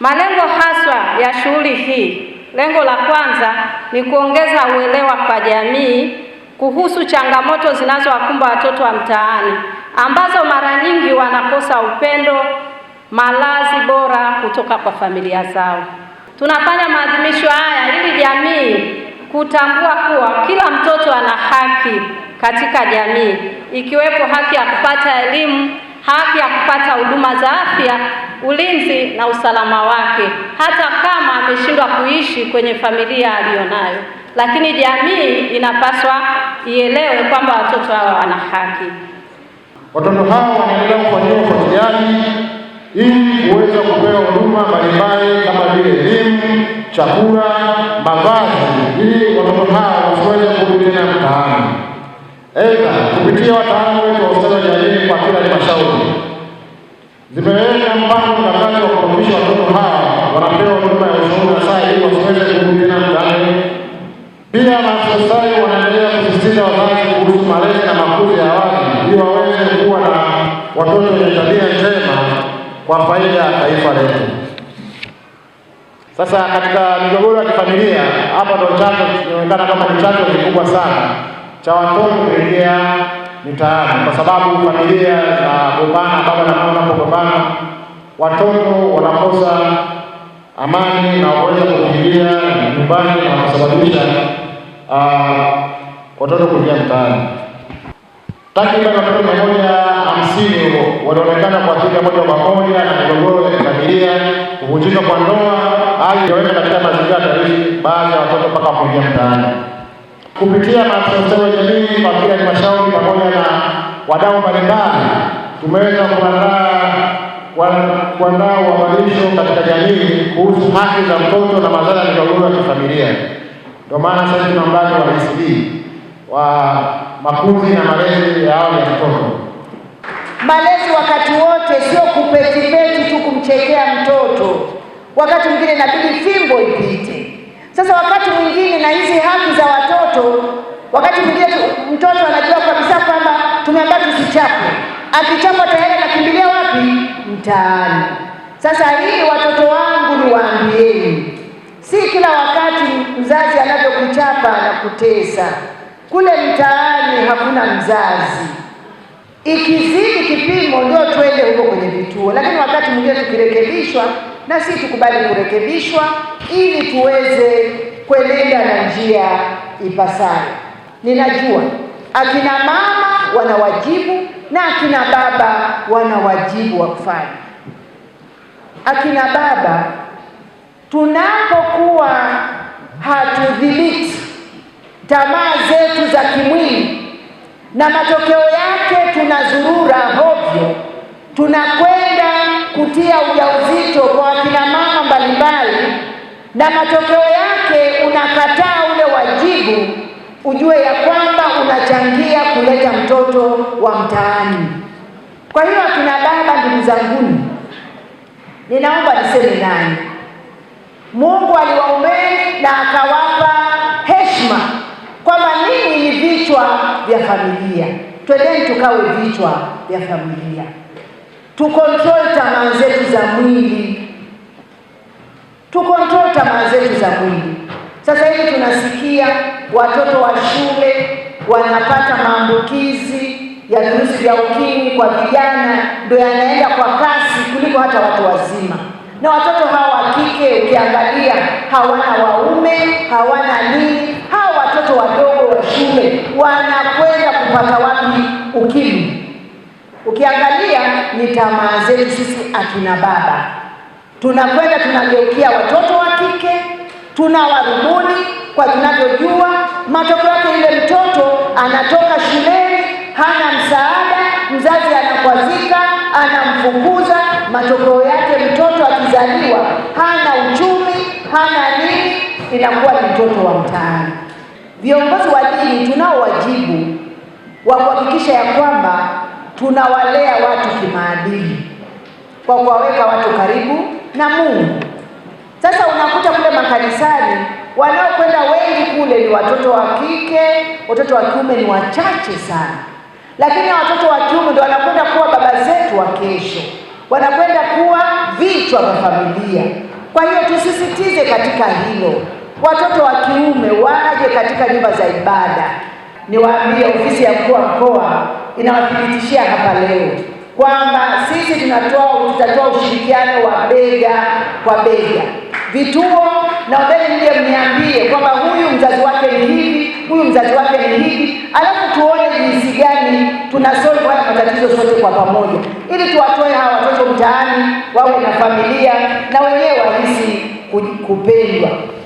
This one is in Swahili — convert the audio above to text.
Malengo haswa ya shughuli hii, lengo la kwanza ni kuongeza uelewa kwa jamii kuhusu changamoto zinazowakumba watoto wa mtaani ambazo mara nyingi wanakosa upendo, malazi bora kutoka kwa familia zao. Tunafanya maadhimisho haya ili jamii kutambua kuwa kila mtoto ana haki katika jamii, ikiwepo haki ya kupata elimu, haki ya kupata huduma za afya ulinzi na usalama wake, hata kama ameshindwa kuishi kwenye familia aliyonayo. Lakini jamii inapaswa ielewe kwamba watoto hawa wana haki. Watoto hawa wanaendelea kufanyiwa ufuatiliaji ili kuweza kupewa huduma mbalimbali kama vile elimu, chakula, mavazi, ili watoto hawa wasiweze kurudi tena mtaani. Aidha, kupitia wataalamu wetu wa ustawi wa jamii kwa kila halmashauri zimeweka mpango mkakati wa kurudisha watoto hawa wanapewa huduma ya ushauri na saa ili wasiweze kurudi tena mtaani. Pia maafisa wanaendelea kusisitiza wazazi kuhusu malezi na makuzi ya awali ili waweze kuwa na watoto wenye tabia njema kwa faida ya taifa letu. Sasa katika migogoro ya kifamilia hapa ndo chanzo kinaonekana kama ni chanzo kikubwa sana cha watoto kuingia mitaani, kwa sababu familia zinagombana, baba na mama wanapogombana, watoto wanakosa amani na kuweza kuingia nyumbani na kusababisha ah, watoto kuingia mtaani. Takriban watoto mia moja hamsini walionekana kuathirika moja kwa moja na migogoro ya familia, kuvunjika kwa ndoa, hali iliyoweka katika mazingira hatarishi baadhi ya watoto mpaka kuingia mtaani. Kupitia maafisa ustawi wa jamii, mawakili wa halmashauri pamoja na wadau mbalimbali, tumeweza kuandaa uhamasisho katika jamii kuhusu haki za mtoto na madhara ya migogoro ya kifamilia. Ndio maana sasa tuna mradi wa ECD wa makuzi na malezi ya awali ya mtoto. Malezi wakati wote sio kupetipeti tu kumchekea mtoto, wakati mwingine inabidi fimbo ipite Wakati mwingine mtoto anajua kabisa kwamba tumeambia tusichapwe, akichapwa tayari anakimbilia wapi? Mtaani. Sasa hii watoto wangu, niwaambieni, si kila wakati mzazi anavyokuchapa na kutesa. Kule mtaani hakuna mzazi, ikizidi kipimo ndio twende huko kwenye vituo, lakini wakati mwingine tukirekebishwa na si tukubali kurekebishwa ili tuweze kuenenda na njia ipasavyo. Ninajua akina mama wana wajibu na akina baba wana wajibu wa kufanya. Akina baba, tunapokuwa hatudhibiti tamaa zetu za kimwili na matokeo yake tunazurura hovyo, tunakwenda kutia ujauzito kwa akina mama mbalimbali, na matokeo yake unakataa ule wajibu ujue ya kwamba unachangia kuleta mtoto wa mtaani. Kwa hiyo akina baba, ndugu zanguni, ninaomba niseme nani, Mungu aliwaombeni na akawapa heshima kwamba ninyi ni vichwa vya familia. Twendeni tukawe vichwa vya familia, tukontrol tamaa zetu za mwili, tukontrol tamaa zetu za mwili. Sasa hivi tunasikia watoto wa shule wanapata maambukizi ya virusi vya ukimwi kwa vijana, ndio yanaenda kwa kasi kuliko hata watu wazima. Na watoto hawa wa kike ukiangalia, hawana waume, hawana nini. Hawa watoto wadogo wa shule wanakwenda kupata wapi ukimwi? Ukiangalia ni tamaa zetu sisi akina baba, tunakwenda tunageukia watoto wa kike, tunawarubuni kwa tunavyojua Matokeo yake yule mtoto anatoka shuleni, hana msaada, mzazi anakwazika, anamfukuza. Matokeo yake mtoto akizaliwa hana uchumi, hana nini, inakuwa ni mtoto wa mtaani. Viongozi wa dini tunao wajibu wa kuhakikisha ya kwamba tunawalea watu kimaadili kwa kuwaweka watu karibu na Mungu. Sasa unakuta kule makanisani wanao kule ni watoto wa kike, watoto wa kiume ni wachache sana, lakini watoto wa kiume ndio wanakwenda kuwa baba zetu wa kesho, wanakwenda kuwa vichwa vya familia. Kwa hiyo tusisitize katika hilo, watoto wa kiume waje katika nyumba za ibada. Niwaambie, ofisi ya mkuu wa mkoa inawathibitishia hapa leo kwamba sisi tunatoa tutatoa ushirikiano wa bega kwa bega. Vituo, naombeni mje mniambie kwamba ni hivi, huyu mzazi wake ni hivi, alafu tuone jinsi gani tunasolve haya matatizo sote kwa pamoja, ili tuwatoe hawa watoto mtaani wawe na familia na wenyewe wahisi kupendwa.